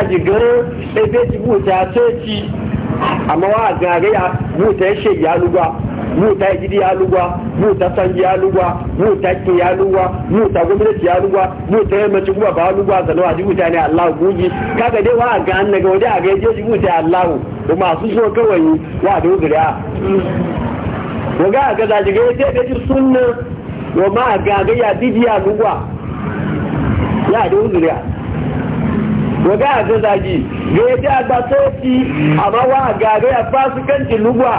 na jigar ɗaiɗe ci buta ya ce ci amma wa gaga ya buta ya shege ya lugwa buta ya gidi ya lugwa buta sanji ya lugwa buta ki ya lugwa buta gwamnati ya lugwa buta ya mace kuma ba lugwa sannan a jibuta ne allahu guji kaga dai wa ga an daga waje a ga je jibuta allahu kuma su so kawai wa dogara wa ga ga da jigar ya ce ci sunna wa ma gaga ya bidiya lugwa ya dogara wọ́gá àjọ́dájì gẹ́gẹ́ àgbà tó ti àmá da gàgẹ́ àfáàsùkẹ́ntì lúgbà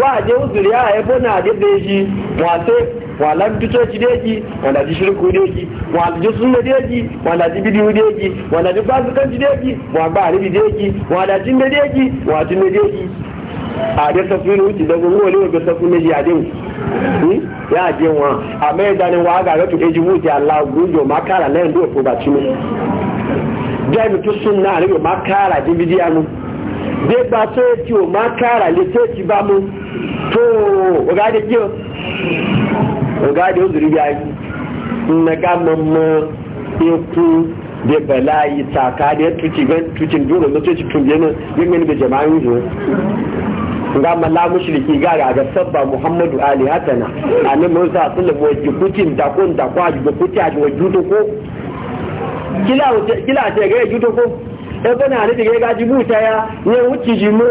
wà da òsìrí àẹ́bọ́ náà àdébẹ́jì da tó wà lábítọ́jì déjì da láti ṣírùkú déjì wà àjọ́ súnmọ́ déjì wà láti bídíwú déjì wà láti fáàsùkẹ́ntì déjì wà gbà àríbi déjì wà láti mẹ́ déjì wà ti mẹ́ déjì àdé sọfúnni ó ti dẹ́gbẹ́ owó olóògbé gbé sọfún méjì àdéhùn yá àdéhùn wọn àmẹ́ ìdánimọ̀ àgàrẹ́tù ejì wúti aláàgbójò mákàrà lẹ́yìn lóòpó bàtúmọ̀ gani tó súnmọ́ àrí o máa káàrà débi díà mú gbégbá tó ti o máa káàrà lè tó ti bá mú tó ọ̀gáde kí o ọ̀gáde ó dùrí bí ayé nnaka mọ́mọ́ ikú da bala'i tsakaniyar tucin dole na tucin tunje nan yin gani da jama'in zuwa ga mala mushriki ga ga ga sabba muhammadu ali hatana ani musa sallam wa jikutin da kun da kwa jikuti a wajuto ko kila a tẹ̀gẹ́ ìjútó kó ẹgbẹ́ náà ní tẹ̀gẹ́ gájú bú ìtayá ní ẹwú ti jì ko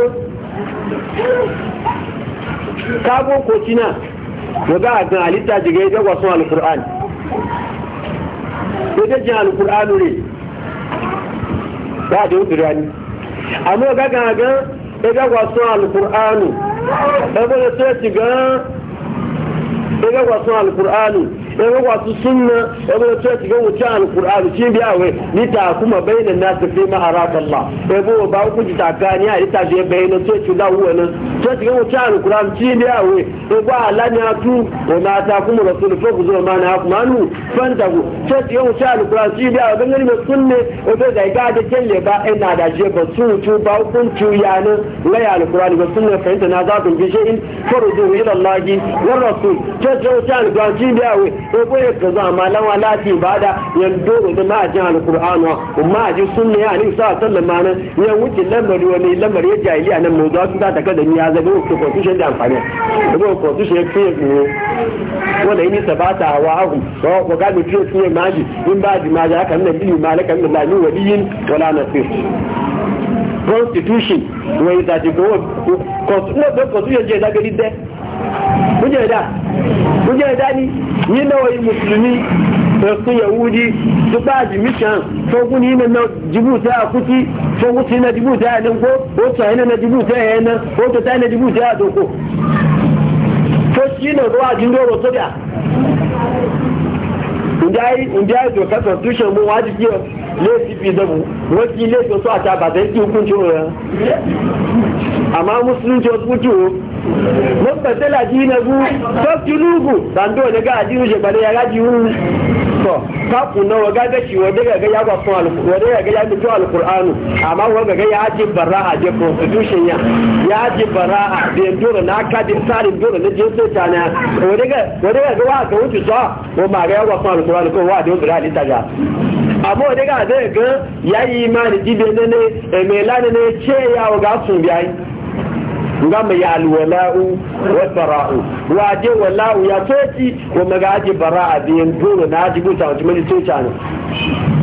kágbó kò tí náà lọ́gá àgbọn àlítà jẹ́gẹ́ alukur'an ó jẹ́ jẹ́ alukur'an rẹ̀ bá àdéhùn tìrẹ́ ni àmọ́ gágan àgbọn ìjọba sún alukur'an ẹgbẹ́ náà tó ti gan ɗaya wasu sunna ɗaya ce ga wuce alƙur'ani shi biya wai ni ta kuma bayyana na su fi ma'arakallah bai bo ba ku ji takani a ita je bayyana ce ci da wuwa nan ce ga wuce alƙur'ani shi biya wai ɗaya ba alani a tu wa ta kuma rasul fa ku zo ma na ma nu fan ta ku ce ga wuce alƙur'ani shi biya wai ganin mai sunne wata da ga da kelle ba ina da je ba su tu ba tu ya nan laya alƙur'ani ga sunne fahimta na za ku bi shi'in farudu ila Allah wa rasul ce ga wuce alƙur'ani shi biya wai ko boye ka zo amma lawa lati bada yan dogo da ma jin alqur'ani wa ma ji sunna ya ni sa sallama nan ya wuce lamari wani lamari ya jahiliya nan mu za su da daga da ni ya zabe ko ko tushe da amfani ko ko tushe ke ne wala ini sabata wa ahu ko ko ga mi tushe ke maji in ba di ma ja kan da bi malaka min la ni waliyin wala nasir constitution wọ́n ìta ti kọ́ kọ̀túnlọ́gbẹ́ constitution jẹ́ ìdágẹ́rí dẹ́ kújẹ́ ẹ̀dá kújẹ́ ẹ̀dá ní nínú ọ̀yí mùsùlùmí ẹ̀kún yẹ̀wúdí tupa admission fọ́gún ní iná jìbútẹ́ àkútí fọ́gún sí iná jìbútẹ́ àdínkó ó tọ̀ iná jìbútẹ́ ẹ̀ẹ́ná ó tọ̀tá iná jìbútẹ́ àdókò tó sí tó wà laifi da mu wasu laifi wasu a taba zai ki hukunci wa amma musulunci wasu kuki wo mun fasala dinagu fakilugu sando da ga ajiyu je bare ya gaji hu to kafu na waga ga shi wa daga ga ya ba sun alqur'ani wa daga ga ya mutu alqur'anu amma waga ga ya ji bara'a je constitution ya ya ji a da dole na ka din tsarin dole na je ta na wa daga ga wa ka wuce sa wa ma ga ya ba sun alqur'ani ko wa da dole ga amma wani ga zai ga ya yi imani jibe na ne emela na ne ce ya ga sun biya yi ga mai ya alwala'u wa fara'u wa je wala'u ya toci wa magaji bara'a biyan dole na ajibu ta wajen mani toci ne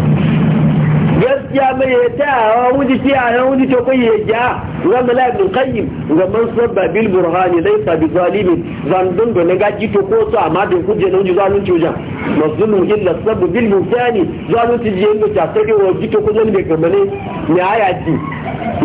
gaskiya mai ya tayawa wuji tiyayen wuji ta kai ya ja wanda laifin ibn qayyim ga man sabba ne burhani laysa bi zalimin zandun da ne gaji to ko a amma da kuje ne wuji zalunci masu nuhin da sabu bil mutani zalunci je ne ta sai da wuji to kuje ne ya ne ayati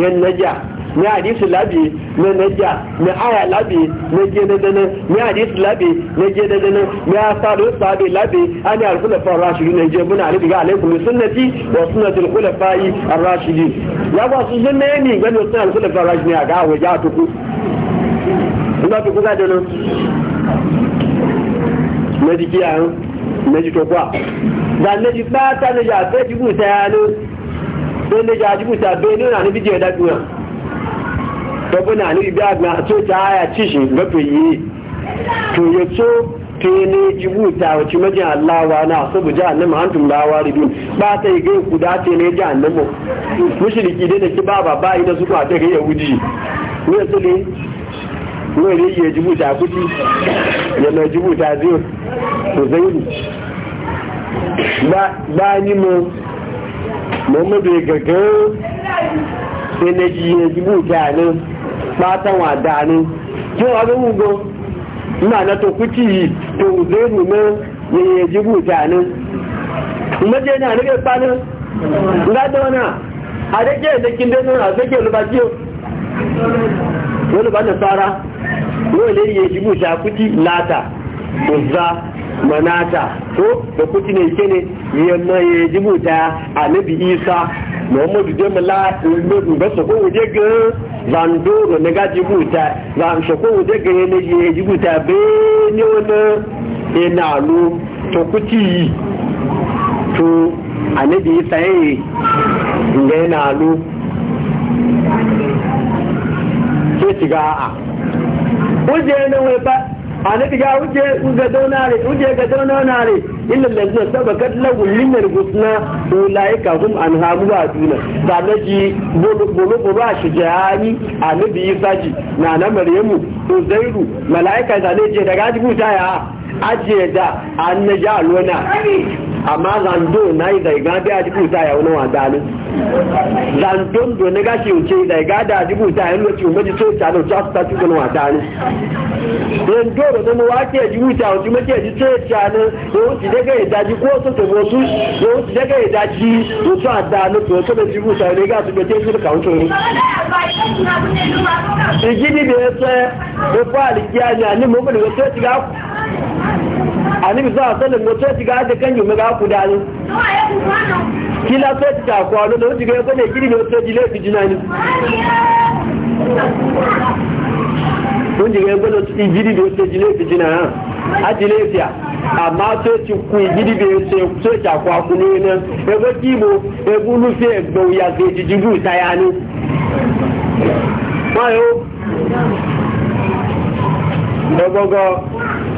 yan naja ni hadisi labi ne naja ni aya labi ne je ne dana ni hadisi labi ne je ne dana ni asalu sabi labi ani al fa ar-rashidin ne je buna alibi ga alaikum sunnati wa sunnatul khulafa'i ar-rashidin ya ba su sunna ne ni gani no sunnatul khulafa ar-rashidin ga wa ja tuku ina tuku ga dana ne diki a ne ji to kwa da ne ji ba ta na ja ta ji buta ya no don na ja ji buta bai nuna ni bidiyo da duniya babuna ni bi agba to ta aya ci shi ga to yi to ya so to ne jibuta wace majin Allah wa na sabu jahannama antum la waridun ba ta yi gai kuda ce ne jahannama mushriki dai da ki baba ba ida su ka ta ga yahudi ne su ne ne ne ya jibuta kuti ya na ta zai to zai ba ba ni mu Muhammadu ya gaggawa sai na ji ya jibuta nan fatan wa dani ki wa ga mugo ina na to kuci to zai mu ne ya ji mutanen maje na ne ga ga da wana a da ke da kin ke lubaki wani ba da fara wani ne ya ji kuti lata za. manata ko da kuti ne ke ne yamma ya jibu ta annabi isa muhammadu da mala ulmadu ba su kowu je ga zando da na ga jibu ta zan su kowu je ne ya jibu ta be ne wani ina lu to kuti to annabi isa yayi yi yana lu sai shiga a wajen nan wai ba annabi ya wuce ga zauna ne wuce ga zauna ne illa lanzu sabakat lahu linnal husna ulaika hum an hamuwa duna da naji bolo bolo a shijani annabi saji na na maryamu uzairu malaika da ne je daga dubu ta ya ajiye da annaja alwana amma zando na yi zaiga da wanda ne na gashi wuce zaiga da ya jibuta ya wani umarci so ta nan su ta cikin wanda ne don doro zama wake jibuta wuce mace ji so ta nan ya wuce daga ya daji ko su ta wasu ya wuce daga ya daji a da na to kada jibuta ga su da ya tsaye, ya alikiya ne, ni annabi za a sanin wato ga da kan yi maga ku da ni kila to ci ta kwano da wuce ga ko ne gidi wato ji lafi jinani ko jinana a ji lafiya amma ku to ku ne e go e bu lu ya ze ta ya ni wayo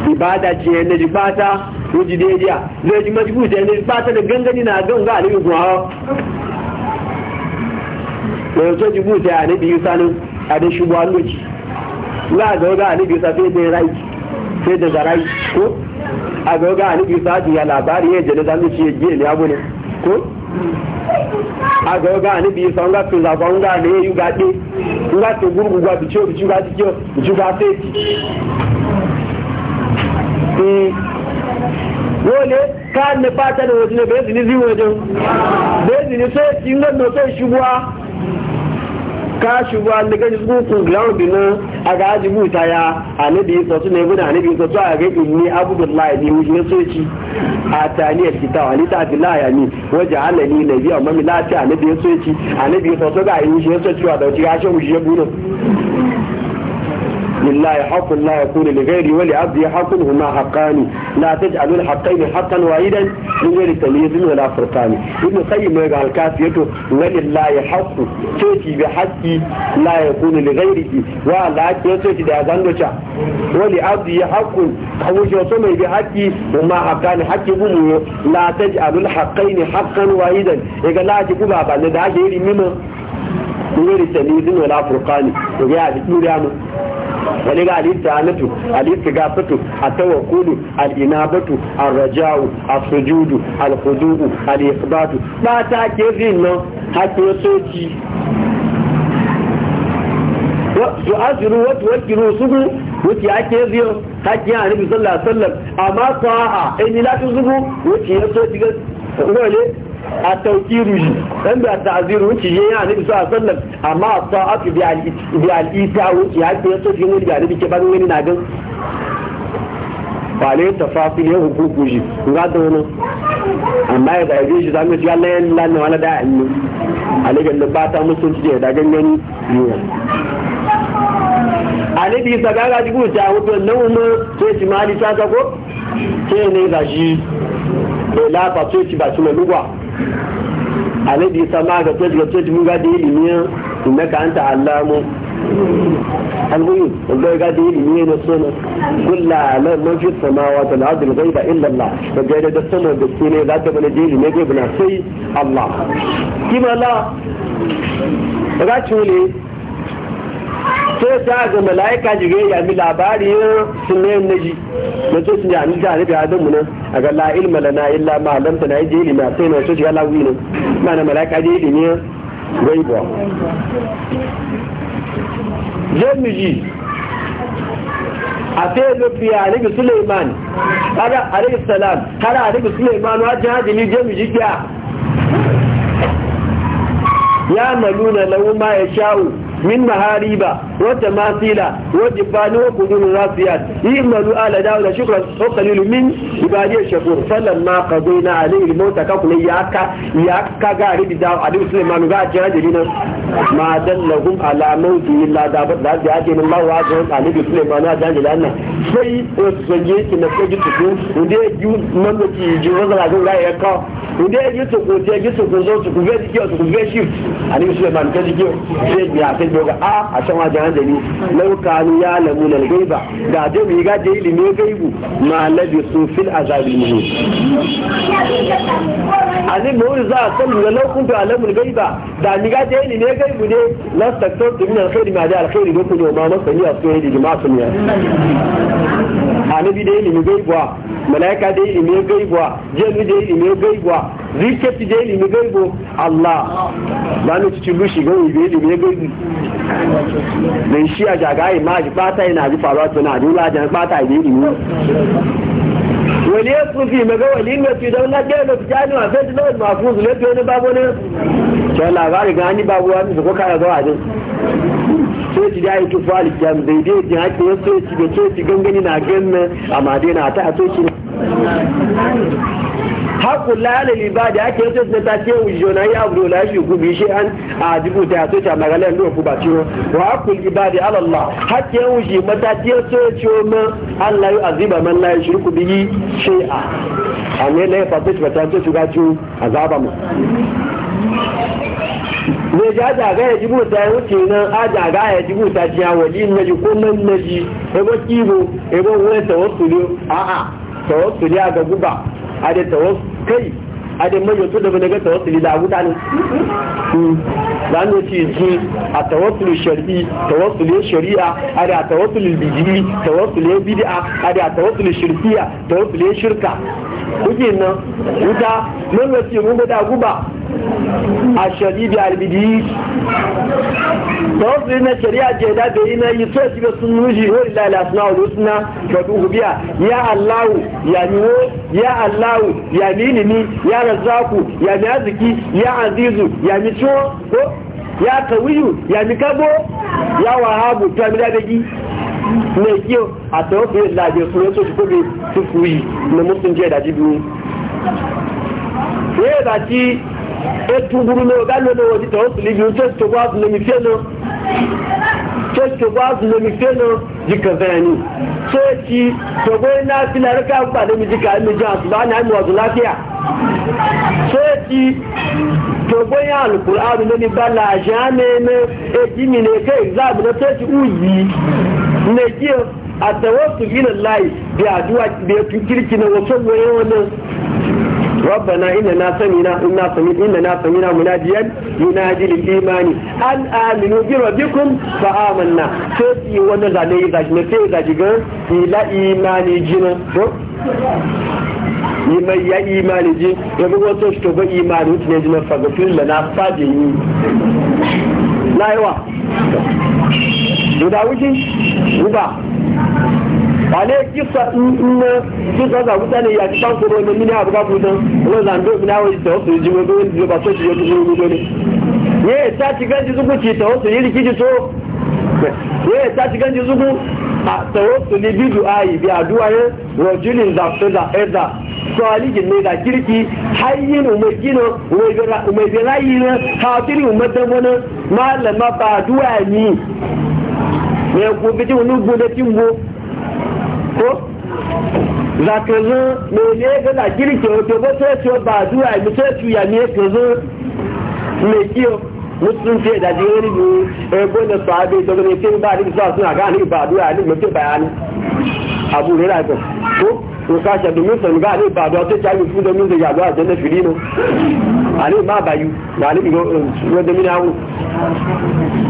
ibada ce na jibata wuji daidaiya zai ji majibu ce na jibata da gangani na gan ga alibi kuma hawa da yanzu jibu ce a nabi yusa nan a da shi buwa alibi yusa sai da rai sai da zarai ko a ga alibi yusa ji ya labari ya jana zamu ci ya giye ne abu ne ko a ga alibi yusa nga fi zaba nga ne yi ga nga to gurgu ga bi ciyo bi ciyo ga ciyo bi ciyo ga wole ka ne pata ne wajine be zini zi wajen be zini so ti ngo no so ka shubwa ne ga zugu ku ground din aga ajibu ta ya na so tun ne gudan anabi so to aga inni abdullahi ni wajine so ci atani alkitab ali ta billahi ani waje alani nabi amma milati anabi so ci ga yi so ci da ci ga shi لله حق لا يكون لغيره ولعبده حق هما حقان لا تجعلوا الحقين حقا واحدا من غير تمييز ولا فرقان ابن القيم يقول الكافيته ولله حق تؤتي بحقي لا يكون لغيره ولا تؤتي بأذنبك ولعبده حق حوش وصمي بحقي هما حقان حق بمو لا تجعلوا الحقين حقا واحدا يقول لا تقول بابا لدعك يري مما من غير تمييز ولا فرقان يقول يا wani ga alistihanatu alistigafatu atawakkulu al'inabatu arraja'u asujudu alkhudu'u alisbatu ba ta ke zin nan hakin soci su asiru wata wakil sugu wuce ake ziyo hakin a nufi sallallahu sallam amma kwa in yi latin sugu wuce ya soci ga a taukiru shi ɗan da aziru wuce je ya nabi su a wasallam amma sa'atu bi al'isa wuce ya ce so shi wuri da nabi ke ban wani na gan ta fafi ya hukuku shi ga da wani amma ya zaibe shi zamu shi Allah ya lanna wani da annu alagan da ba ta mutunci da dagan gani yiwa alibi sagaga jibu ta wato nan mu ce shi mali ta ko ce ne ce shi ba su lugwa alaibi isa ma ga tuwaji ga tuwaji mun gadi ilimiyan inda ka anta allamu almuyi wanda ga da ilimiyan na suna kulla alar mafi samawa da al'adul gai da illallah da gaida da sanar da su ne ta bane da sai allah kima la ga cule sai ta ga mala'ika ya mi labari naji da to sun ya ni da rabi adamu nan a ga la ilma lana illa ma sai na so shiga lawi ne mala'ika a suleiman kada salam kada ya maluna ya sha'u min mahariba وتماثيل وجبان وقدور راسيات يمنوا آل داود شكرا وقليل من عبادي الشكور فلما قضينا عليه الموت كقل ياكا ياكا غاري بداو عدو سليمان غا جاجلين ما دلهم على موت إلا دابت لا جاجل الله وعزهم عليه سليمان غا جاجلين sai wasu ki na soji tuku inda ya ji mamaci ji wanzu na zan raya ka inda ya ji tuku ya ji tuku zo tuku ve jikiyo tuku ve shift a ne musulman ta jikiyo sai ya ta doga a a shan wajen azali lau kanu ya lamu na gaiba da dai mu ga da ilimin gaibu ma labi su fil azabil A ani mu za a san da lau kun ta lamu gaiba da ni ga da ilimin gaibu ne la taktor min alkhair ma da alkhair ko kuma ma masani a soyayya da ma sunya anabi da ilimin gaibu malaika da ilimin gaibu jinni da ilimin gaibu riketi da ilimin gaibu Allah ba ni cikin lushi ga ilimin gaibu mai shi a jagaye ma shi fata yana ji faruwa tuna ji lajan fata yi yi wani ya tsufi maga wani mai ci don lafiya da su jani ma fai na wani mafi su lafiya wani babu ne ke labari ga hannu babu wani su kuka zuwa din sai ci da yake fali jam daidai jin haƙi ya so ci da so ci gangani na gan a madina ta a so soci haku lalali ba da ake yanzu da ta ce wujo na yi abu na shi gubi shi an a dubu ta so ta magana ndo ku ba ciwo wa haku ibadi ala Allah hakke wuji mata ce so ciwo ma Allah ya aziba man la yushriku bihi shay'a amma ne fa ta ta ce ga ciwo azaba mu ne ja daga ya jibu ta wuce nan a daga ya jibu ta jiya wali na ji ko nan na ji ebo kibo ebo wani tawassuli a'a tawassuli a ga guba ada tawas kai ada mai yato da daga tawassuli da abuta hmm. ne zanu ci ji a tawassuli shar'i tawassuli shari'a ada tawassuli bijili tawassuli bid'a ada tawassuli shirkiya tawassuli shirka kuke nan wuta mun ga mun guba a sharibi albidi tawassul na shari'a ke da bai na yi so shiga sun nuji wa lillahi asma wa husna wa duhubiya ya allahu ya niwo ya allahu ya milimi ya razzaku ya mi aziki ya azizu ya mi ciwo ya kawiyu ya mi kabo ya wahabu to mi da ne kí e o àtẹ̀wọ́ fi ìlàjì òfin tó ti kóbi fífu yìí ní mú tún jẹ́ ìdájí bí wọn. ní ìdájí ètò gbúrú ní ọgá lónìí wọ́n ti tẹ̀wọ́ sí níbi tó ti tókó àti lómi fẹ́ lọ tó ti fẹ́ lọ di kẹfẹ́ ni tó ti tókó iná sílẹ̀ rẹ́ká gbà lómi di kàá lójú àtúbá ní àmì ọ̀dùn láfíà tó ti tókó iná àlùkùrá bá làjá ní ẹni èjì mi ní ẹ̀kẹ́ ti na jiya a tawassu minan layi da aduwa da ya kirki na wasu goye wani rabbana inna na sami na inna sami inna na sami na munajiyan na lil imani an aminu bi rabbikum fa amanna sai ti wanda da ne da ne sai da diga ila imani jina to ni mai ya imani ji ya bi to to ba imani ne jina fa ga fil la na fadi guda wuce guda wale kisa nne kisa za wuta ne ya kitan kuro ne mini abu ga ne wani zando mina wani ta wasu ji wani ba so ji wani wani wani ne ta ci ganji zuku ci ta wasu yi rikici to ne ta ci ganji zuku a ta wasu bidu ayi bi aduwa yin rajulin zafta da eza salihin ne da kirki hayyin umargina umargina rayi na hatiri umardan wani malama ba aduwa ne ne ko bitin wani gode timbo ko za ka zo mene ga na girke wato ba sai ciwo ba zuwa mi sai tuya ne ka zo mai kiyo musulun ce da jiri ne ego da sahabe da ne ke ba ni sa suna ga ni ba duwa ni mutum bayani abu ne rafi ko ko kashe domin sun ga ni ba duwa sai ta yi su domin da yaduwa a jannar filino a ne ma bayu ba ni ga wadda mina hu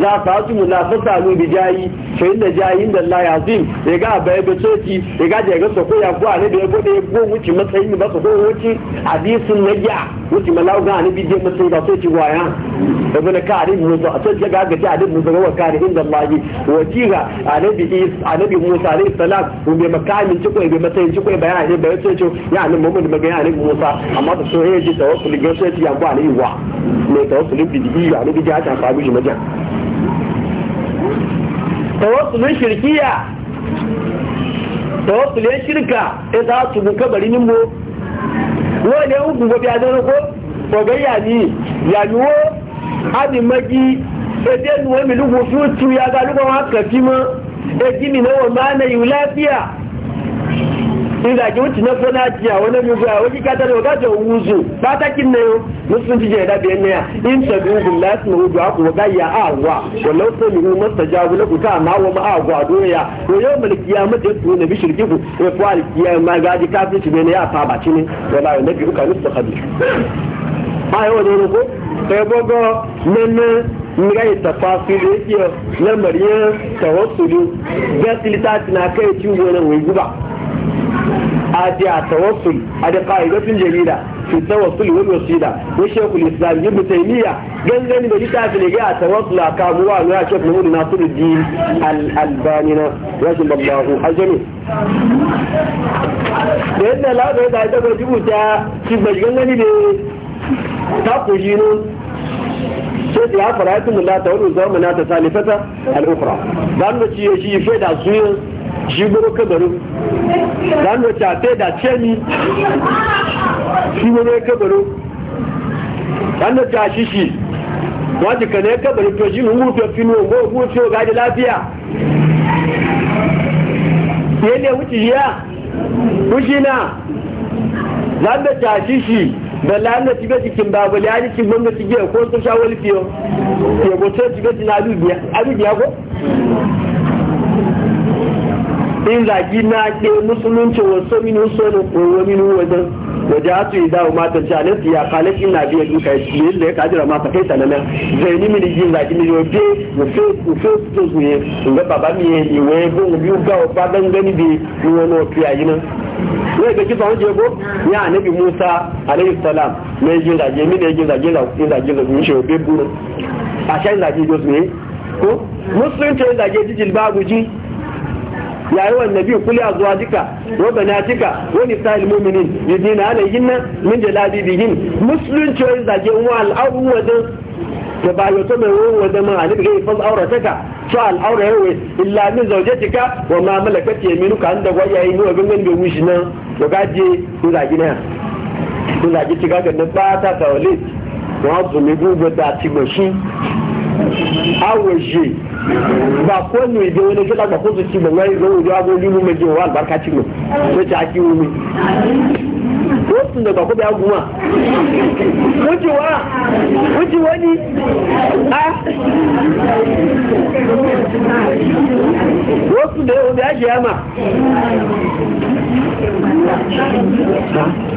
za su hasu na fasa lu bi jayi sai da jayi da Allah ya zim ya ga bai ga soki ya ga da ga soko ya kuwa ne da ko da go muci wuce ne ba go wuce hadisin na ya wuce malau ga ne bi je matsayi ba soki wa ya? ibn ka mu musa a soci ga ga ta hadisin musa ga ka ne inda Allah wa kira annabi is annabi musa alayhi salam mu bi makami ci ko bi matsayi ci ko bayani ne bai soci ya ne Muhammad magana ne musa amma da so ya ji tawakkul ga soci ya kuwa ne wa ne tawakkul bi ya ne bi ja ta fabi shi majan tawassulun shirkiya tawassulun shirka ya su buka bari ya hukun gobe a zana ko kogai yami yamiwo abin magi ebe nuwa milugu su ya ga lugon haka fi ma e gini na wa ma na yi lafiya ìgbàjí ó ti ná fún wani àwọn olóògbé àwọn kíkátà ní ọgájọ wúzù pátákì náà mùsùlùmí jíjẹ ìdábẹ̀ ẹni à ń sọ̀rọ̀ ìgbìn láti ní a àpò ọgá ìyá àwà wọ̀lọ́ sẹ́mi ní mọ́sàjá olókùnká àmà àwọn ọmọ àgọ́ àdúrà yà òyò mọ̀lìkì yà mọ́tẹ́ tó nàbí ṣìrìkìkù ẹ̀fọ́ àlìkì yà máa gájí káfíńtì bẹ́ẹ̀ ni yà pa àbàtì ni wọ́lá rẹ̀ lẹ́bi ìkànnì ko báyọ̀ ní orúkọ ne nẹ́nẹ́ nga yi tafa su da yake lambar yin gasilita na kai ciwo na wai guba آتي أتوصل هذه قاعدة جميلة في التوصل والوصيدة وشيخ الإسلام ابن تيمية قال لي أنه يتعرف لقاء التوصل كابوا أنه يشوف نقول ناصر الدين الألبانينا رجل الله حجمي لأن لا بيضا هذا بجيبه تا كيف مجقل لي دي تاقو جينون سيد يا فرايتم الله تقول الزوامنا تسالفتها الأخرى لأنه يشيفه دعسوين jiboro kabaro dan da ta da ce ni jiboro kabaro dan da ta shi shi wani ka ne kabarin to jini mu fino ko go ga da lafiya ya ne wuce ya wuce na dan da ta shi shi da lalle ti gaji kin babu lalle kin gwamnati ge ko sun shawali fiyo ke go to ti gaji na alubiya alubiya ko min zagi na ke musulunci wasu min wasu da min wajen waje a tuyi dawo matan ci alaisu ya kala shi na biya duka ya da ya kajira ma fa kaita nan zai ni min yin zagi min yau be ufe su su ye su ga baba mi ye ni waye ko biyu ga ba dan gani bi ni wani wato yi nan ne ga kisa wajen ko ya annabi musa alaihi salam ne yi zagi min ne yin zagi zagi zagi zagi shi be buru a shan zagi jos ne ko musulunci zagi jijil babu ji ya yi wannan biyu kuli a zuwa jika wa banatika wa nisa'il mu'minin yadina alayhin min jalabibihin musulunci wani zage wa al'abu wajen da ba yato mai wani wajen man alif gai fas aurataka to al'aura yawai illa min zaujatika wa ma malakat yaminuka an da gwayayi ni wa gangan da wushi nan to gaje ku zagi na ku zagi tiga ga nan ba ta tawali wa zumi gugu da ci bashi awaje ba ko ne da wani gida ba ko su ci ba wai zo wuce abu limu mai jewa albarka ci mu ko ta ki wumi ko sun da ba ko ya guma wucewa wucewa ni a ko sun da ya wuce ya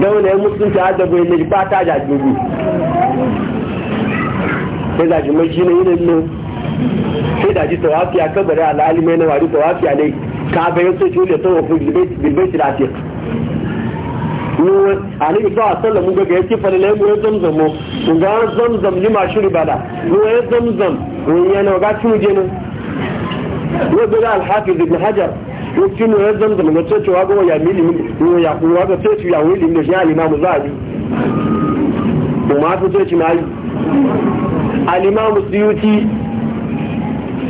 daular musulunci har da bai ne ba ta da dubu sai da jimai shi ne yinin nan sai da ji tawafi a kabari al'alimai na wari tawafi a ne ka bayan sai ciwo da tawafin bilbai tirafi ruwan alibi ba a mu gaga yake falalai mu ya zamzam mu kun ga zamzam ni ma shiri bala ruwa ya zamzam wani yana ga ciwo je nan ruwa bai da alhafiz ibn hajar yake ne yanzu da mun ce cewa ga ya mili ko ya kuwa ga ce ya wili ne ya limamu zabi kuma ta ce ci mai alimamu suyuti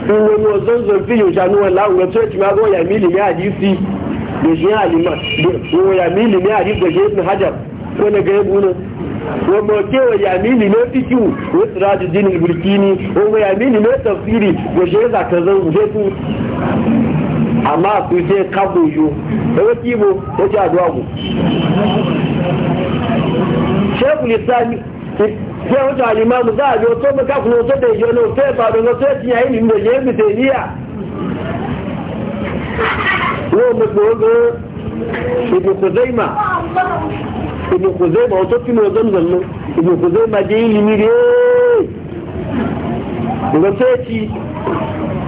in wani wasan zafi yau shanu wala ga ce ci ma ga ya mili ne hadisi da shi ya alima ko ya mili ne hadisi da shi hajar ko na ga yabu ne wanda kewa yamini ne fiki wasu rajin jini burkini wanda yamini ne tafsiri ga shi ya zaka zan zai amma su ce kabo yo da wata ko ta aduwa ku shekul islami ke eh, wata alimamu za a biyo to maka kuma wata da yau na wata ya faru na wata ya ci yayi da ya yi bitaniya wo mu gogo ibu kuzaima ibu ma? wata fi mo zamzam no ibu kuzaima je ilimi ne wata ya ci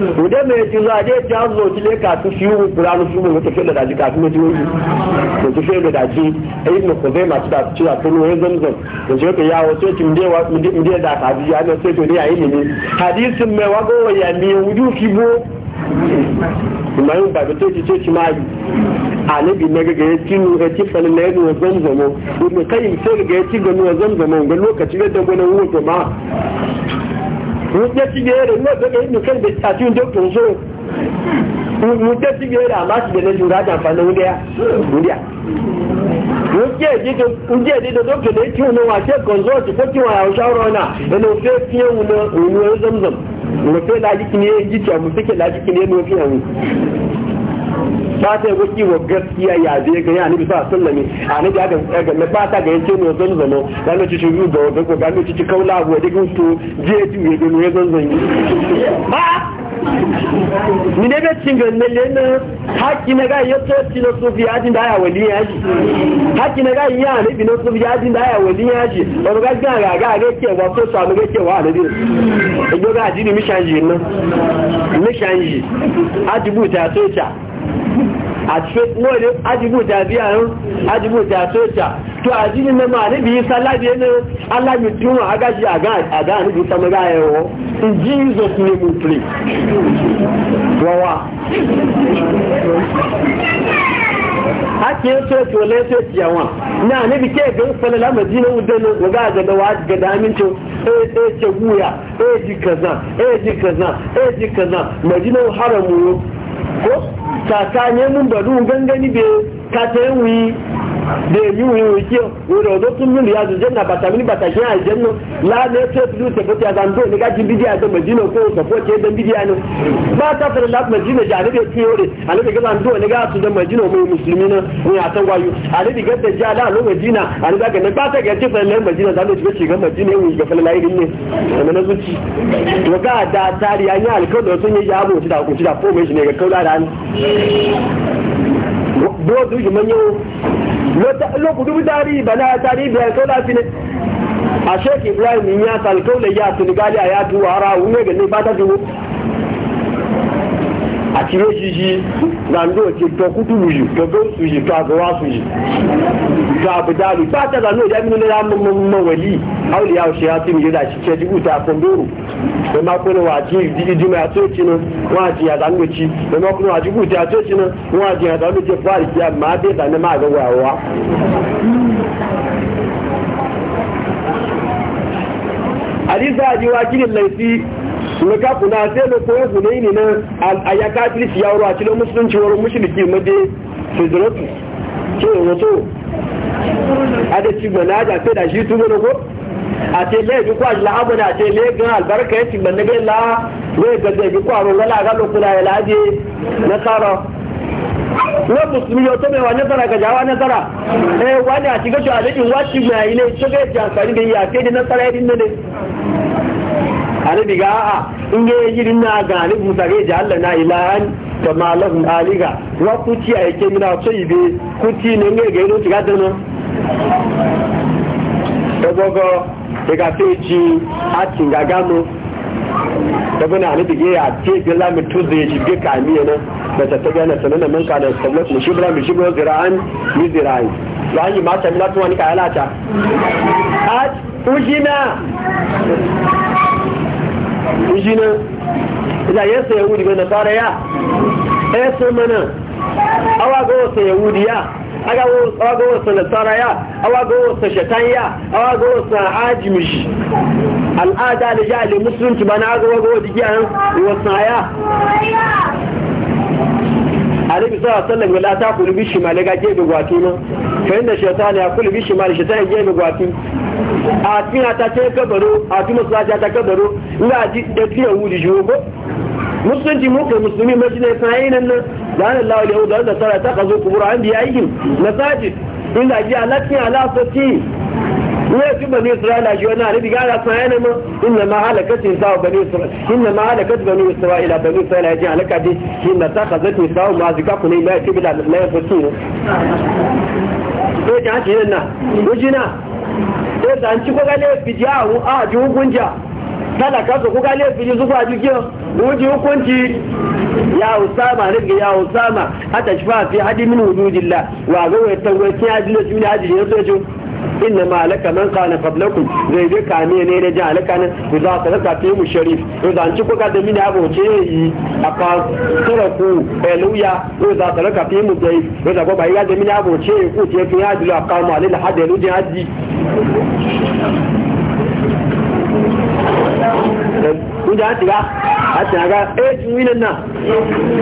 wadda mai ci za a je ta zo ci le ka tufi yi kura su sumu wata fi ladaji ka tufi wani da tufi ladaji a yi mako zai masu da ci a tunu ya da ce ka yawo ce ci mde da ka ji ya sai to ne a yi ne hadisin mai wagowa ya ne wuju fi bo ìmọ̀yìn bàbá tó ti tó ti máa yìí àníbi mẹ́gẹ́gẹ́ tí nu ẹtí fẹ́lẹ́ lẹ́nu ọgbọ́n zọmọ ìmọ̀káyìn ga gẹ́gẹ́ tí gbẹ̀mí ọgbọ́n zọmọ ga lokaci yadda owó wuto mutẹ́sígbéèrè lọ́gbẹ́gbẹ́ ìlúkẹ́ ìgbẹ̀ àti ìdókùn só mutẹ́sígbéèrè àmáṣìgbẹ̀lẹ́ jù rájà fàánà oúnjẹ́ oúnjẹ́ oúnjẹ́ ìdídọ̀ lókèlè tí òun wà ṣe kọ̀ǹsọ́ọ̀tì pé kí wọ́n àwọn ṣáwọ́rọ̀ náà ẹni òfé fi ẹ̀hùn náà òun ẹ̀zọ́mzọ́m òfé lájíkìní ẹ̀jíkì àmúfíkẹ̀ lájíkìní ẹ̀mí òfin ẹ̀hùn ba ta waki wa gaskiya ya je ga ya nabi sallallahu alaihi wasallam ani ga na ba ta ga yace ne zan zano ga ne cikin yu ga ga ga ne cikin kaula wa da kin to je ti ya ga ne zan zan ba ni ne ga cin ga ne le na haki na ga yato ci na sufi yajin da ya wali yaji haki na ga ya ne bi na sufi da ya wali yaji ba ga ga ga ga ga ke wa so sa mu ga ke wa ne bi ga ga ji ni mishanji nan mishanji ajibu ta àtúwọ́lé ajíbùtà bí àrùn ajíbùtà sóòtà tó àjíní mẹ́mà níbi isa lábẹ́ ní alábìtúnwà agájí àgá níbi samara ẹ̀wọ́ in jesus name a kìí sóòtì wọlé sóòtì àwọn náà níbi kéèkéé fẹ́lẹ̀ lámàjí ní ce guya e ji kaza e ji kaza e ji kaza madina haramu ko tsakanin mun baru gangani be ka ta yi da yi wuyi wuki wuri ozo tun nuna ya zuje na bata mini bata shi a jennu la ne ce su ta fata ya zanto ne gajin bidiya da madina ko sa ko ce dan bidiya ne ba ta fara la madina ja ne da tiyore a ne ga do ne ga su da madina mu musulmi na ne a san wayu a ne ga da ja la lo madina a ale ga ne ba ta ga ce fara la madina zanto ce ce ga madina wuyi ga fara la irin ne ne na zuci to ga da tari an yi alƙawari sun yi b'o ti da ko ti da ko mai shi ne ga kaula da ni bo du yi manyo lókùdúgbù dárí ìbàlá àtàrí ìbẹ̀rẹ̀ tó láti ní àṣẹ́kì ibrahim ìyá sàlùkọ́ lè yá àtìlúgbálẹ̀ àyájú ara òun mẹ́gẹ̀ẹ́ ní bá dájú àti méjìjì gbàndó ti tọ kútùlù yìí tọ bóńsù yìí tọ àgọwàsù yìí tọ àbùdálù bá tẹ̀sán náà ìdámi nílẹ̀ mọ́ wẹ̀lì àwọn ìyá àti ìyẹ́dà ṣiṣẹ́ dìbò tá a fọ́n lóru bẹ́ẹ̀ máa kó ní wà á ti ìdíjúmọ̀ àti wọ́n á ti yàtà ń wà á ti kùtì àti wọ́n á ti yàtà fún àdìsí àmà maka kuna sai da koyo gune ne na aya kafirci ya wuro a cikin musulunci wani mushriki maje fizrotu ke wato a da ci mana da sai da shi tuba na ko a ce lai bi kwa la abuna a ce lai gan albarka ya ci mana ga la wai ga da bi kwa ro la ga lokuna ya laje na tsara na musulmi yau to mai wa nasara ga jawa nasara eh wani a shiga shi a daɗin wacin mai ne shiga ya amfani da iya kai da nasara ya dinne ne alibi ga a in ga yi na ga ni musa ga ji Allah na ilahan da ma aliga wa kuti a yake mina so yi be kuti ne ne ga yi yino tiga da gogo da ga fe ji cin gaga mu daga na alibi ga ya ce ga la mi tuzu ya ji ga kamiya na da ta ta gana sanan man ka da sallat mu shibra mu shibra zira'an ni zira'i la yi ma mina tuwa ni ka yalata at ujina ìjìnà ìdàyẹ́sẹ̀ yahudi mai nasara gbẹ̀nà sára mana awa ga wasa yahudi ya awa ga wasa nasara ya awa ga wasa shatan ya awa ga wasa ajimishi al'ada da jale musulunci ba na agawagowar wasa wasa ya annabi sallallahu alaihi wasallam ya ta kulu bi shimali ga gebe gwati no fa inda shaytan ya kulu bi shimali shaytan gebe gwati a tina ta ce kabaro a tina su ta kabaro ina ji da tiya wuri jogo musulunci muke musulmi majina ya sanayi nan nan da hannun lawal yahudu wanda tara ta kazo kubura an biya yi masajid inda ji alaƙin alaƙoci wasu bani isra'ila shi wani alibi gara sun yana ma inna ma bani isra'ila ma bani isra'ila bani isra'ila ya ji halaka shi na ta ma zika ku ne ma ya bila na ya fi ko na ko ta ko gane a ko gane hukunci ya usama ya usama hata fi hadi min hududillah wa ga wayar tangwacin ne ne inna ma alaka man kana fablakum zai je kame ne da ji alaka nan ku za ka raka ta mu sharif to da ci kuka da mini abu ce yi a ka tsara ku haleluya to za ka raka ta mu dai to da ba ya da mini abu ce yi ku ce kin ya dilo aka mu alil hadalu din haji wanda ya tiga a tiga ga ejin winan nan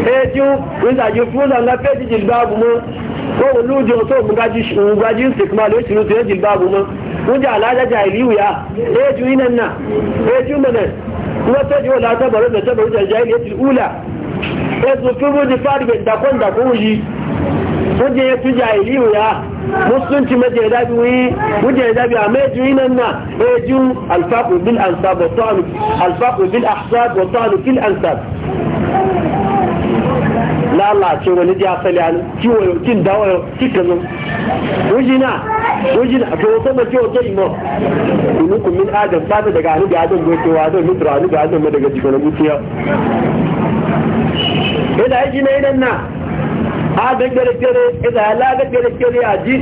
ejin wanda ji fuzan na feji jilbabu mu ko wani ujo so mu gaji mu gaji su kuma lo e shi rutu jilbabu mu wanda alaja jahiliyu ya ula fi mu yi wajen ya fi jahiliyu ya musulunci maje da biyu wajen da biyu a mai juyi nan na ya ji alfaɓu bil ansab wa ta'anu alfaɓu bil ahsab wa ta'anu fil ansab lalace wani ji asali a kiwo yau kin dawo yau kika zo wujina wujina to wata mace wata imo inukun min adam ba daga hannu da adam gokewa don mutura hannu da adam daga jikin mutiya. Ina yi na idan na a ga gẹ̀rẹ̀gẹ̀rẹ̀ ẹ̀dà alága gẹ̀rẹ̀gẹ̀rẹ̀ àjí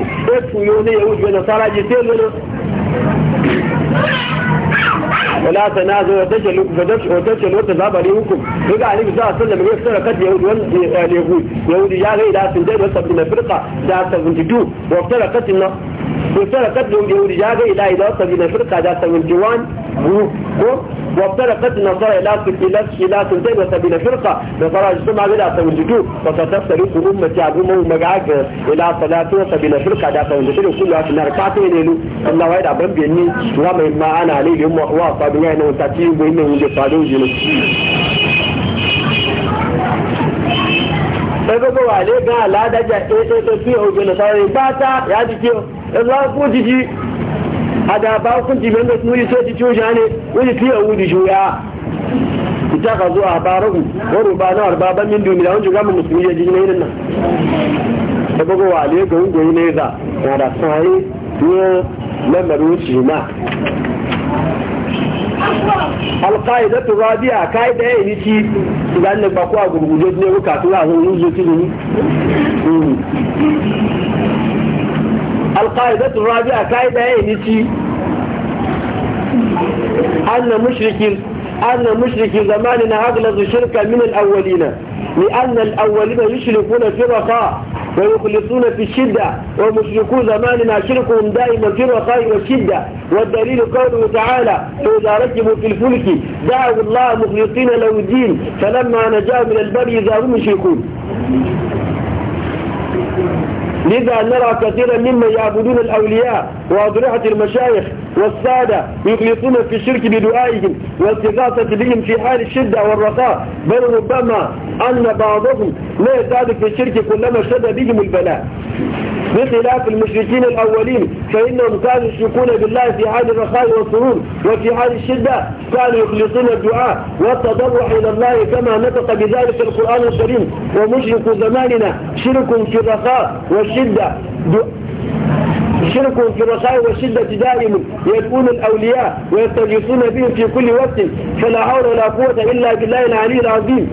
wala zo da jalo da da da jalo ta zabare hukum daga annabi ya yahudi ya ga ila sun da sabbin firqa da 72 wa sara na to tara ya wuri ya ga ila ila sabi na firka da 71 group ko wabtara kadu na tara ila su ila su ila su zai ga sabi na firka da tara su ma ga da 72 ba ta tattari ku ummati abu mu maga ga ila salatu sabi na firka da 73 kullu su narka ta ne lu Allah wai da ban ta ya ji kiyo ẹ̀lá kú jíjí àdàbà kún jì mẹ́lẹ̀ fún iṣẹ́ ti tí ó ṣáà ní wọ́n fi ẹ̀wù ìjò ya ìtàkà zuwa àbárọ̀gù wọ́n rò bá náà bá bá mi dùn ìlànà jù gámù mùsùlùmí yẹ jíjí lẹ́yìn náà ẹgbẹ́gbẹ́ wà lé gbòǹgbò yìí lẹ́yìn náà rà sáyé ní lẹ́mẹ̀rẹ̀ oṣù náà alƙa'ida ta rabi a ka'ida yi ci idan da bakwa ne ruka tura sun yi zuci القاعدة الرابعة قاعدة هي نتي أن مشرك أن مشرك زماننا أغلظ شركا من الأولين لأن الأولين يشركون في الرخاء ويخلصون في الشدة ومشركو زماننا شركهم دائما في الرخاء والشدة والدليل قوله تعالى فإذا ركبوا في الفلك دعوا الله مخلصين له الدين فلما نجاوا من البر إذا هم يشركون لذا نرى كثيرا ممن يعبدون الأولياء وأضرحة المشايخ والسادة يخلصون في الشرك بدعائهم والاستغاثة بهم في حال الشدة والرخاء بل ربما أن بعضهم لا يزال في الشرك كلما شد بهم البلاء بخلاف المشركين الأولين فإنهم كانوا يشركون بالله في حال الرخاء والسرور وفي حال الشدة كانوا يخلصون الدعاء والتضرع إلى الله كما نطق بذلك القرآن الكريم ومشرك زماننا شرك في الرخاء والشدة شرك في الرخاء والشدة دائم يدعون الأولياء ويستغيثون بهم في كل وقت فلا حول ولا قوة إلا بالله العلي العظيم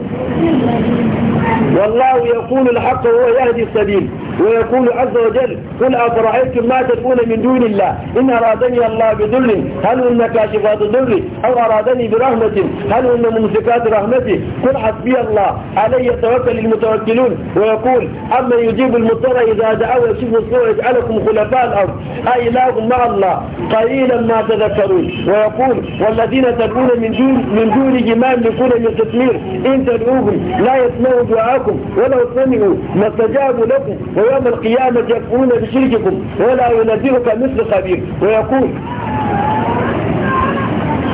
والله يقول الحق وهو يهدي السبيل ويقول عز وجل قل أفرأيتم ما تكون من دون الله إن أرادني الله بذل هل إن كاشفات ذل أو أرادني برحمة هل إن ممسكات رحمتي قل حسبي الله علي يتوكل المتوكلون ويقول أما يجيب المضطر إذا دعوه يشوف الصور يجعلكم خلفاء الأرض أي إله مع الله قليلا ما تذكرون ويقول والذين تكون من دون من دونه ما لكون من تثمير إن تدعوهم لا يسمعوا دعاكم ولو سمعوا ما استجابوا لكم ويوم القيامة يكفرون بشرككم ولا ينذرك مثل خبير ويقول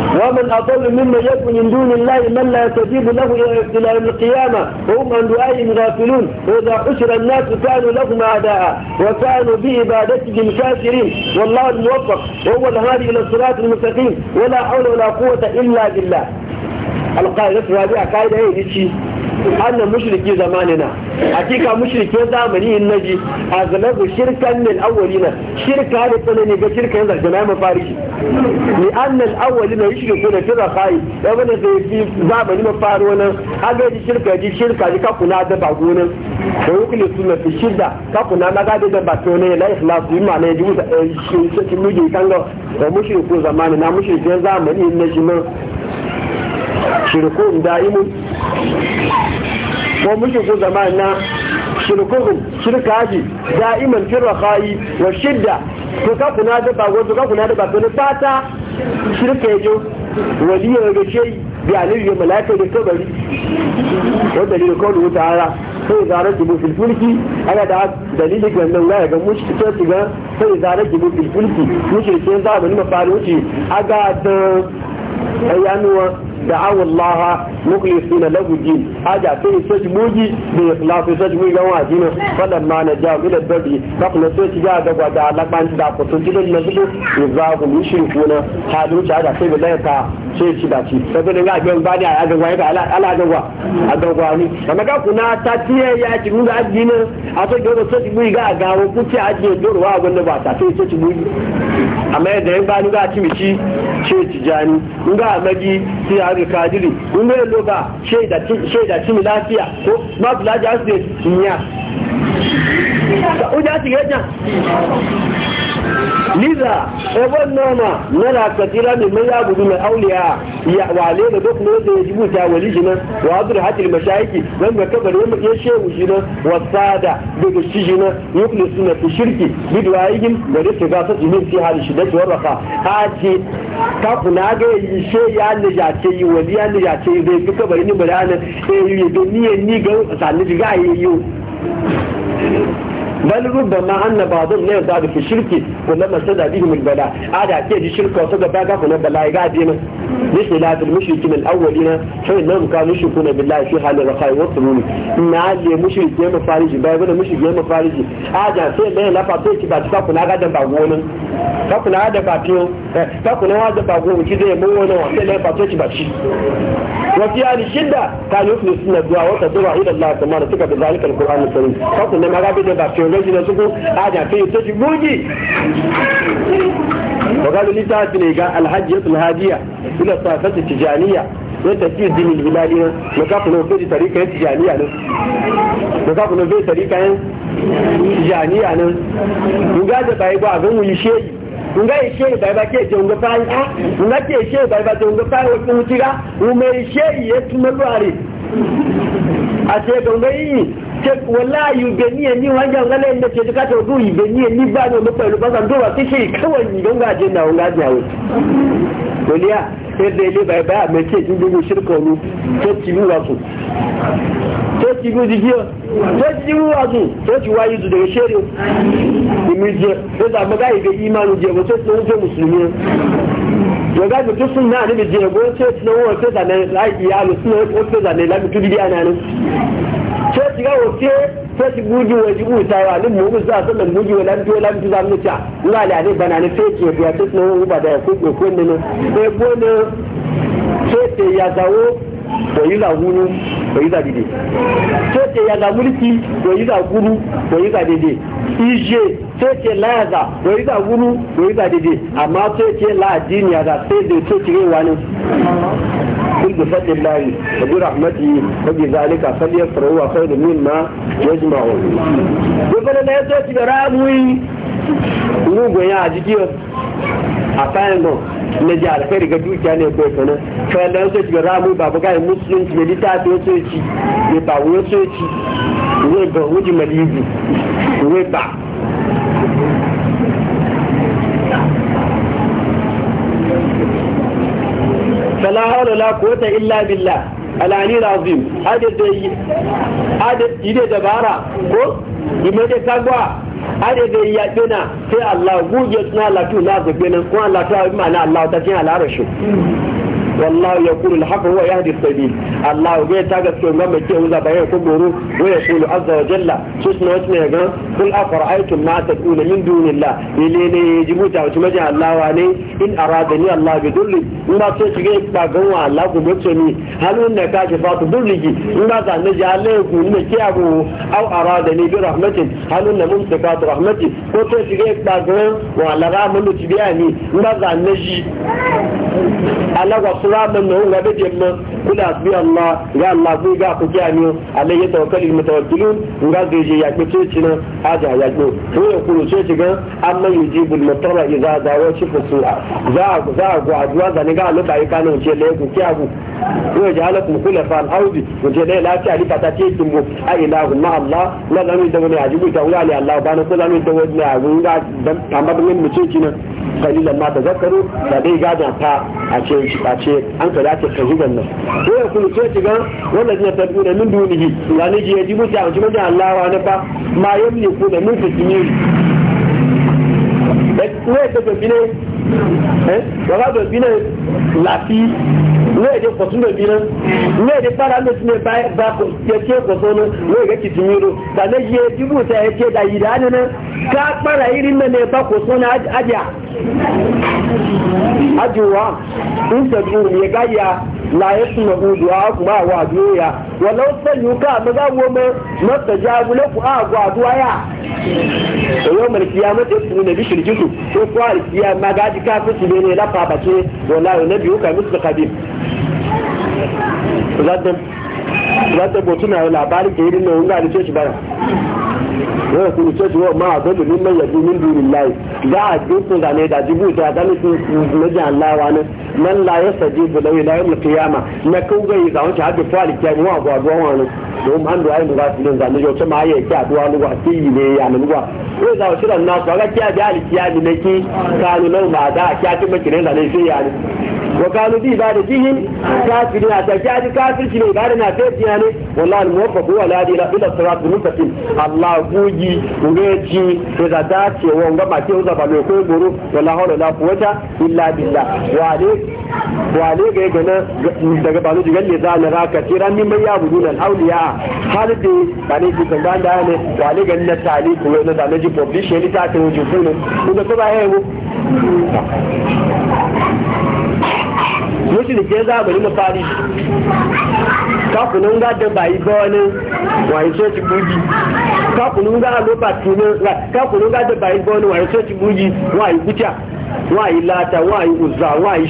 ومن أضل ممن يدعو من دون الله من لا يستجيب له إلى يوم القيامة وهم عن دعائهم غافلون وإذا حشر الناس كانوا لهم أعداء وكانوا بعبادتهم كافرين والله الموفق وهو الهادي إلى الصراط المستقيم ولا حول ولا قوة إلا بالله القاعدة الرابعة قاعدة هي إيه؟ دي annan mushriki zamanina hakika mushrikin zamani in naji azlabu shirkan min awwalina shirka da tsanani ga shirkan zarjana mu fariki ni annal awwalina yushriku da tira kai da wanda da fi zamani mu faro nan aga ji shirka ji shirka ji ka kula da bagonan ko yukli sunna fi shidda ka kula na ga da ba bato ne la ikhlasu imma ne ji shi shi miji kan ga mushriku zamanina mushrikin zamani in naji mun shirkun da'imun ko mushriku zamanna shirkuhum shirkaji da'iman fi rakha'i wa shidda to ka kuna da bago to ka kuna da fata shirke jo waliyar ga bi alil malaka da kabari wanda ne ko ta'ala sai zarar jibu filfulki ana da dalilin gannan waya ga mushi ta shiga sai zarar jibu filfulki mushi ke zamani mafari wuce aga da ayyanuwa دعوا الله مخلصين له الدين أجا في سوش موجي بإخلاص سوش موجي جوا دينا فلما نجاو إلى البر فقنا سوش جاء دقوا دعا لقان دا قصد إلى النزل يزاهم يشركون حالو جاء في بلايكا سوش داتي فقنا نجا جوا باني على دقوا على دقوا أدقوا ني أما قا كنا تاتيه ياتي نجا دينا أتو جوا سوش موجي جاء جاو كنت أجي دور واغن نباتا في سوش موجي أما يدين باني جاء تمشي سوش جاني نجا مجي سياري كادري نجا bello ba shaida cin lafiya ko babu lafiya su ne ya uja su yi liza ebon noma na la katira ne mai yabudu mai auliya ya wale da duk ne da yajibu ta wali jina wa hadur hatil mashayiki wan ga kabar yamma ya shehu jina wa sada daga shi jina yukli suna fi shirki bidwayigin da rike ga sa jinin fi hali shi da waraka haji ka kuna ga yi she ya ne ya ce yi wali ya ne ya ce yi zai fi kabar ni bada ne eh yi da ni ni ga sanin ga yi yo bal rubbama anna ba'dhum ne yadadu fi shirki kullama sada bihi min bala ada ke ji shirka wasu gaba ga kuma bala ga dinin بخلاف المشركين الأولين فإنهم كانوا يشركون بالله في حال الرخاء والسرور ان عاد مشرك يا مفارجي بايبنا مشرك يا مفارجي عاد فين لين لفا توكي بعد فاكنا غادا باغونا فاكنا غادا باتيو فاكنا غادا باغونا كي زي مونا وحسن لين فا توكي باتشي وفي هذه الشده كان يفني يخلصون الدعاء وتدعو الى الله كما نتكى بذلك القران الكريم فاكنا غادا باغونا كي زي مونا وحسن لين فا توكي باتشي وقالوا لي لي قال الحج يطل هادية إلى الصافة التجانية وتسير دين الهلالية وقفنا في طريقة تجانية وقفنا في طريقة tijaniya nan nga da bai ba zan wuyi sheyi nga yi sheyi ba ke jonga a nga ke sheyi bai ba jonga fayi wasu mutiga umar sheyi ya tuma luwari a ce gonga yi wala yubeniye ni wanja ngale ne ce ni ba no mu pelu bazan kawai don gaje na on gaje sai da ile bai bai me ce kin dubu shirka nu to ci bi wasu to ci bi jiyo to ci wasu ci wayi daga ni je to da maga ibe imanu je ba musulmi yoga da duk sun na nabi je go na wo ce da ne ai ya lu sun wo ce da ne la bi ana ne ce ti ga wo ce ce ti guji wo ji buta wa ni mu za san nan guji wa lan lan tu za mu la ne bana ne ce ti ya ce na wo ba da ko ko ne ne ko e ne ya dawo wòyíza wúrú wòyíza dìde tó ṣe yàgà múlìkì wòyíza wúrú wòyíza dìde ìṣe tó ṣe láyàzà wòyíza wúrú wòyíza dìde àmọ́ tó ṣe láàdí ni àgà péde tó ti rí wa ni. كل بفضل الله وبرحمته وبذلك فليفرحوا وخير مما يجمعون. يقول لا يزال تبرامي. da ya jikiyar a kayan don. na ji alkhairi ga dukiya ne ko kana fayalan so ci ga ramu ba ba kai musulunci ne ta to so ci ne ba wo so ci wo ga wuji malizi wo ba fala hawla la quwwata illa billah alani razim hada adad hada ide dabara ko imede kagwa ade da ya kina sai Allah guje suna lafiya na gobe nan kuma Allah ta yi mana Allah ta cin al'arashi wallahu yaqulu al-haqq huwa yahdi as ta ga cikin gamba ke uza bayan ku goro wa yaqulu azza wa jalla su suna wasu ne ne in aradani Allah bi dulli in ba bi rahmatin halun da mun sifatu rahmati ko turaban na hunga da jemma kula bi Allah ya Allah ku ga ku ga ni Allah ya tawakkali mutawakkilun nga zai je ya kace ci na aja ya ko ko ya kuro ce ci ga amma yujibu mutara idza dawo shi fusura za za ku aduwa da ni ga Allah kai kanin ce le ku kiya ku ko ya jala ku kula fa al-audi ku ce le la ta fata ce kin mu a ilahu ma Allah la lamin da wani ajibu ta wala Allah bana ko lamin da wani a gunga dan tambadan mu ce ci na. kalilan ma ta zakaru da dai gada ta a ce a ce an ka dace kaji zuban nan ko ya kullu ce ga wannan ne ta duna min dunihi ya ne ji ya ji mutane ji cikin Allah wa ne ba ma yamni ku da min fitini eh, ne ta tafi ne eh wa ga tafi ne lafi lóye de kọtun bẹ bi na lóye de kpara lọ sinmi ba ba kẹkẹ kọtun na lóye de kìtì mi do kàlẹ yẹ dibu tẹ ẹ kẹ da yìí dáa nínú ká kpara yìí mẹ nẹ ba kọtun na adìyà adìwà ń sẹbi yẹ ká yà láyé sùnà ọdún a àwọn àdúró yà wọn lọ sẹyìn ká mẹgà wọ mẹ mọtẹjà wọlékùn àgọ àdúrà yà èyí ọmọ nìkìyà mẹtẹ sùnù nàbí ṣìrìkìkù ó kọ ne magadi fa lé ní ẹlẹpàá àbàtì wọn láyé nàbí ó kà mí ka kàdé. zata botu na yau labarin da irin nan ga ce shi bara wani kuma ce shi wa ma a zama min mai yaji min layi za a ji sun zane da jibu ta zane su majin Allah nan la ya saji bu lauyi la yau kiyama na kawai za wancan haɗe fali kiyama wa gwagwa wani domin an da ayin da su yin zane yau ma ya ki aduwa lugwa ki yi ne ya lugwa wai za shirin nasu a ga kiya da alkiyami na ki kanu nan ba da a kiya ki makirin zane shi ya ne wa kanu bi ba da jihin kafirin a tafiya ji kafirci ne ba da na fesi ne wallahi almuwafa kuwa ladi na ila sarafi mutakin allah kuji ngeji ke da dacewa ga mace uza ba mai koyi goro wallahi hau da lafi wata illa billah wale wale ga yi gana daga balu jigar ne za a nara ka ce ran nima ya budu nan auliya har da ba ne ji kan ba da ne wale ga nina tali kuwa na ne ji publish ya ni ta ta wujin kuna kuma ya yi mushrike zamani na fari kakunan ga da bayi ba wani wani soci buji kakunan ga a lokaci ne kakunan ga da bayi ba wani wani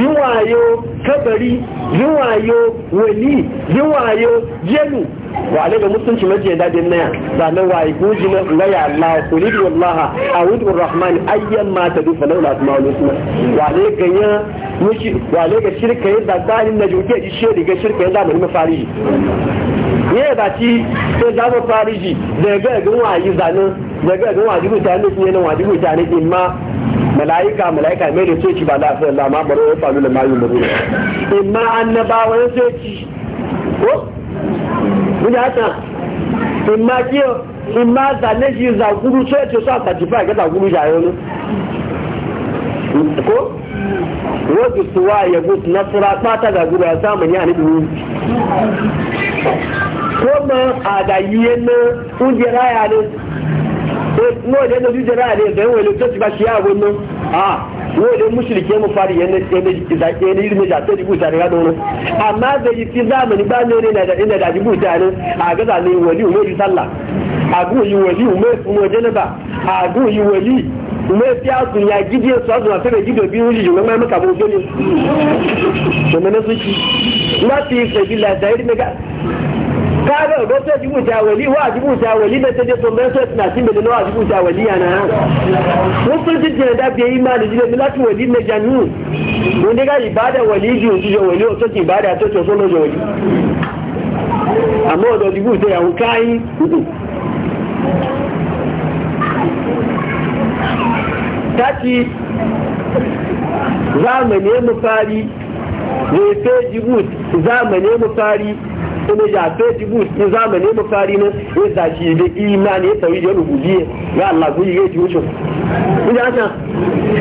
yiwayo kabari yiwayo wali yiwayo jenu wale ga mutunci yadda din naya wa yi guji na laya Allah kuli bi wallaha a'udhu rahman ayyan ma tadu fa laula asma'ul husna wale ga ya mushi wale ga shirka yadda tsarin na juke ji shiri ga shirka yadda mun mafari ne ya ci sai da mu fariji daga ga wayi zanin daga ga wa wajibi ta ne wa wajibi ta ne imma malaika malaika mai da soci ba da sai Allah ma baro ya faru da mayu baro imma annabawa ya soci ko muna hata imma kiyo imma zane shi za guru so ce so aka jifa ga za guru jayo ne ko wasu suwa ya gut nasara fata ga guru ya samun ya ni duru ko ma a da yi yana kungiyar haya ní òde lójú jẹ́ a rẹ̀ a wẹ̀lẹ̀ tó ti bá ṣe àwọn ọmọ àà wọ́n òde múṣìlì kí ẹmú parí ẹni ìlú méjì àti ìdìbò ìtàrí rádùn rún àmá bẹ̀yì tí záàmù nígbà mẹ́rin ìnẹ̀dà ìdìbò ìtàrí àgẹ́sà ni wọ̀lí òmèjì sálà àgún yìí wọ̀lí òmèfún ọjọ́ níbà àgún yìí wọ̀lí òmèfí àsùn ya gidi èso àsùn àfẹ́fẹ́ gidi òbí ń yìí mẹ́mẹ́ mẹ́ka bó gbé ni òmẹ́mẹ́ sókì láti ìfẹ̀gbìlà ìtàrí mẹ́ga kaga ga to jibu jawali wa jibu jawali da to mai na tin da yana jin da imani da wali na janu ga ibada wali wali ibada to to wali amma mu fari fe mu fari kuma ja sai jibu cikin zamani bukari nan ya da imani ya tawi ya Allah ku yi ji wucin ji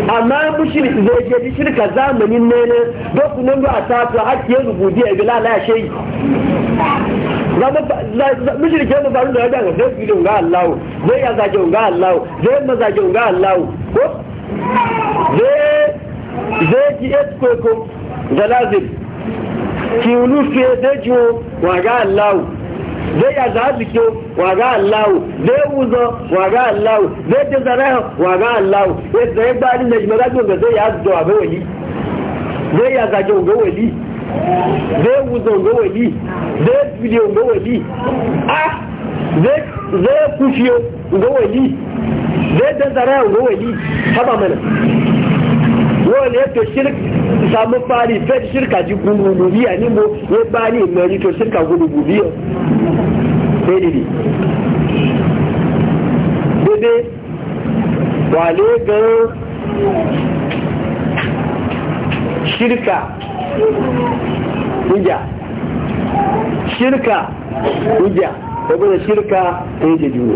amma shi zai je shi shirka zamanin ne ne doku nan ba ta ta bila la zai fi ya zage Allah zai ki wulu ulufi edejo waga allahu zai ya za zazike waga allahu zai wuzo waga allahu zai ta zaraha waga allahu ya zai ni na jimara ga zai ya zuwa ga wali zai ya zage ga wali zai wuzo ga wali zai bidiyo ga wali ah zai kushiyo ga wali zai ta zaraha ga wali haba mana wọ́n ètò ìsàmúparí ìfẹ́ ti ṣíríkà ti gbogbo bí ẹ̀ níbo wọ́n bá ní ìmọ̀ ẹni tó ṣíríkà gbogbo bí ọ̀ pẹ́lìlì dédé wà lé gan ṣíríkà ìjà ṣíríkà ìjà ẹgbẹ́ ṣíríkà èyí jẹ́ jùlọ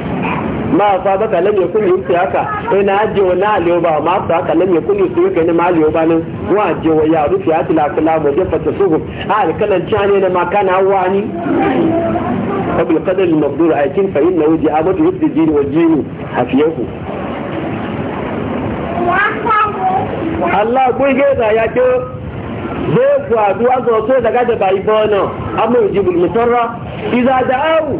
ma fa baka lam yakun yusi haka ina aje na aliyo ba ma fa haka lam yakun yusi kai ne ma aliyo ba nan wa aje ya rufi ya tila kula mu je fata sugu a alkalan chane na makana wani قبل قدر المقدور أكين فإنه جعابته يفضي الدين والدين حفيه Allah kun geza ya ke zai kwaduwa zo so daga da bai bono amma yujibul mutarra idza da'u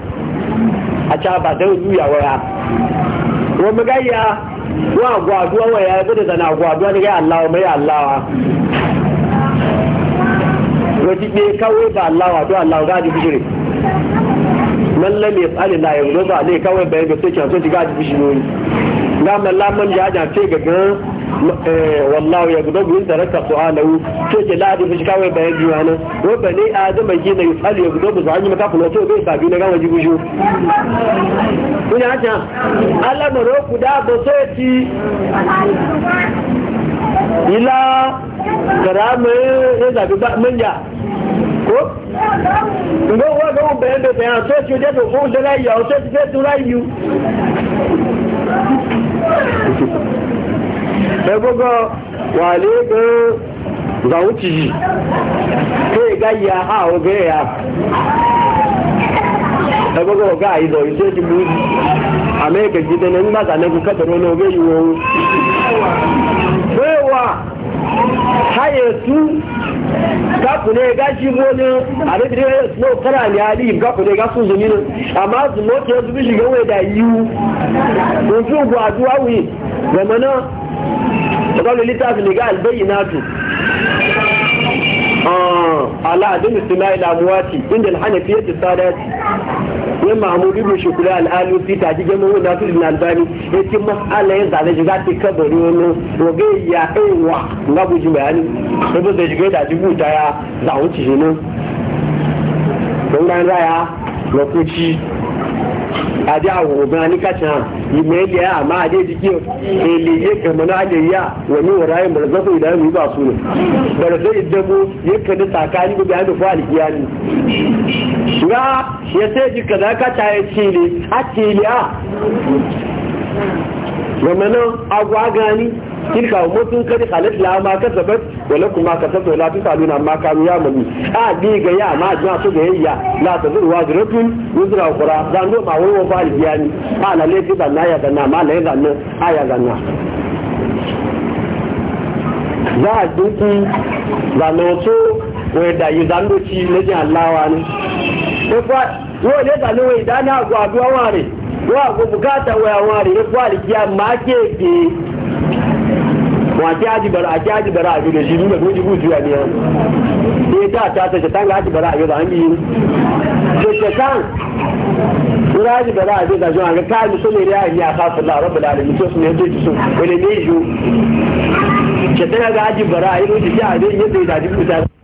a ca ba ta juya waya wa magayya wa gwaduwa waya ya gudu zana gwaduwa ni gai allawa mai allawa wata ɗaya kawai ba allawa to allawa a bishiri man lam yas'al la yanzu ba ne kawai bayan da sai kyan so shiga ji bishirori ga man lamun ce ga gan Eh, wallahu ya gudu gudu da raka su'alahu to ke ladi fi shikawai bayan biyu nan wa bane adama ke na yusalu ya gudu gudu an yi maka kuma to bai sabi na gama jibu shi kuna haka alamaro guda ba so ci ila karamar ya zabi manja ko ngo wa ga mo bẹ̀rẹ̀ bẹ̀rẹ̀ bẹ̀rẹ̀ tó ti o ti ẹgbọ́gọ́ wà lé gan gbàwó ti yìí kéè gá yà á ọgẹ́ yà ẹgbọ́gọ́ ọgá àìzọ̀ ìṣe ti mú amẹ́ríkà jíde ní nígbàtà ní ní ọgẹ́ yìí wọ́n wà haye su kaku ne ga shi wani a da bidiyar yau suna kara ne ali kaku ne ga sun su moke su bi shiga wai da yiwu ọ̀gọ́lù lítàfì nìgá àlùbẹ́yìn náà tù ala'adun ismail amuwati inda alhanafi yadda sadati wai mahmud ibn shukula al'alu fi ta ji gemu da su na albani ya ce mas'ala ya zane shiga ta kabari wani ya ewa nga bayani adé àwọn ògbọ́n aníkàtà ìmọ̀ ilẹ̀ àmà adé dìkẹ́ èlè yé kẹmọ́nà adé yá wọ̀nyí wọ̀rọ̀ ayé mọ̀lẹ́ sọ́kọ̀ yi mi yi yi ní gbogbo àyè fún ni. nga gani. tilka tun kadi khalat la ma kasabat wa lakum ma kasabtum la tusaluna amma kanu ya'malu a bi ga ya ma ja su ga yayya la tazuru wazratun wazra ukhra dan do ma wayo fa aljiyani ma la le ti dan ya dan ma la dan aya dan za a dinki ga noto wai da yi zandoci na jin allawa ne fa da wọ́n lè tàbí wọ́n ìdáná àgọ́ àbúwá wà a wọ́n àgọ́ bùkátà a àwọn rẹ̀ a ma máa kéèkéé wọn àti àjìbẹ̀rẹ̀ àti àjìbẹ̀rẹ̀ a sí nígbà tó jìbù jù ẹni ẹ ní tá àti àtẹ̀sẹ̀ tán gà àjìbẹ̀rẹ̀ àjòlè àń yìí tẹ̀sẹ̀ tán wúrà àjìbẹ̀rẹ̀ àjòlè àjòlè àgbẹ̀ káàmì sólè rí àìní àkàfọ̀lá rọ́bìlà àlèmí tó sùn ẹjọ́ ìtùsùn pẹ̀lẹ́ ní ìjọ tẹ̀sẹ̀ gà àjìbẹ̀rẹ̀ àjòlè